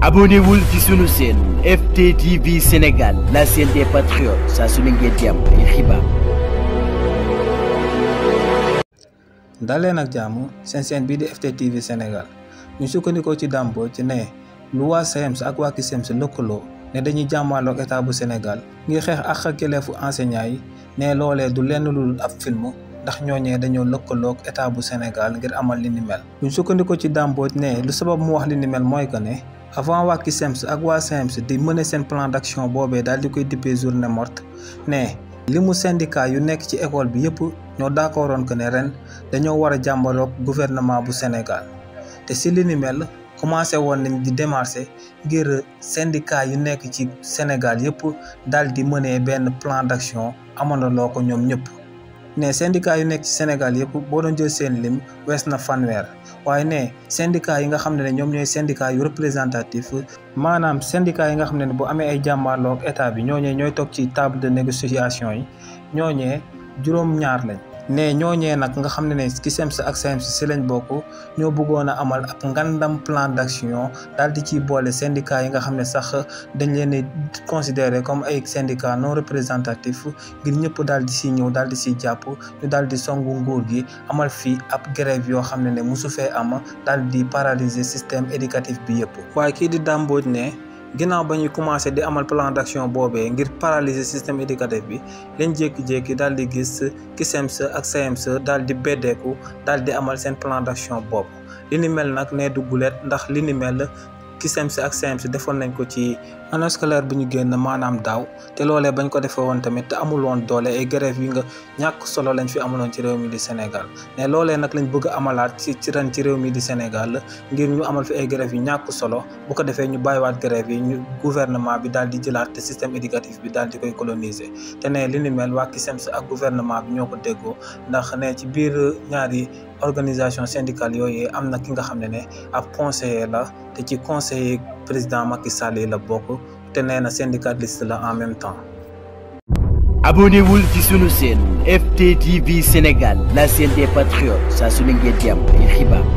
abonnewul ci sunu chaîne FTTV Sénégal la chaîne des patriotes saa su ne ngeen di am xibaar. daleen ak jàmm seen chaîne bii di FTTV Sénégal ñu sukkandikoo ci Dàmbo ci ne lu waa SAEMS e ak waa CUSEMS e lëkkaloo ne dañuy jàmmaarloog état bu Sénégal ngir xeex ak xëkkëleefu enseignants yi ne loolee du lenn lu dul ab film. ndax ñooñee dañoo lëkkaloog état bu Sénégal ngir amal li ni mel sukkandikoo ci dàmbooj ne lu sabab mu wax li ni mooy que ne avant waa CUSEMS ak waa CEMS di mener seen plan d'action boobee daal di koy dippee ne morte ne li mu syndicat yu nekk ci école bi yëpp ñoo d'accordoon que ne ren dañoo war a jàmbaroog gouvernement bu Sénégal te si li ni commencé woon nañ di démarcher ngir syndicat yu nekk ci Sénégal yëpp daal di mëne benn plan d'action amandaloo ko ñoom ñëpp ne syndicat yu nekk ci Sénégal yëpp boo doon jël seen lim wees na fanweer waaye ne syndicat yi nga xam ne ñoom ñooy syndicat yu représentatif maanaam syndicat yi nga xam ne bu amee ay jàmmaarloo ak état bi ñooñee ñooy toog ci table de négociation yi ñooñee juróom-ñaar lañ ne ñooñee nag nga xam ne ne CICEMS ak CEMS si lañ bokk ñoo bëggoon a amal ab ngandam plan d'action daal di ciy boole syndicats yi nga xam ne sax dañ leen di considérer comme ay syndicats non représentatifs ngir ñëpp daal di si ñëw daal di si jàpp ñu daal di songu nguur gi amal fii ab grève yoo xam ne ne mosu fee am daal di paralyser système éducatif bi yëpp. waaye kii di Dame ne. ginnaaw ba ñuy commencé di amal plan d'action boobee ngir paralyser système éducatif bi lañ jékki-jékki daal di gis CUSEMS e ak CEMS e daal di beddeeku daal di amal seen plan d'action boobu li nag nee du guleet ndax li ni mel CUSEMS e ak CEMS defoon nañ ko ci année scolaire bi ñu génn maanaam daaw te loolee bañ ko defee woon tamit te amul woon doole ay grève yi nga ñàkk solo lañ fi amuloon ci réew mi di Sénégal mais loolee nag lañ bëgg amalaat ci ci ren ci réew mi di Sénégal ngir ñu amal fi ay grève yu ñàkk solo bu ko defee ñu bàyyiwaat grève yi ñu gouvernement bi daal di jëlaat te système éducatif bi daal di koy coloniser te ne li ni mel waa CUSEMS ak gouvernement bi ñoo ko déggoo ndax ne ci biir ñaari organisation syndicale yooyu am na ki nga xam ne ne ab conseiller la te ci conseiller président Macky Sall et la bokk tenaient un syndicaliste là en même temps. Abonnez-vous Abonnez-vous à sunu chaîne FTTV Sénégal la chaîne des patriotes Ça, su ne ngeen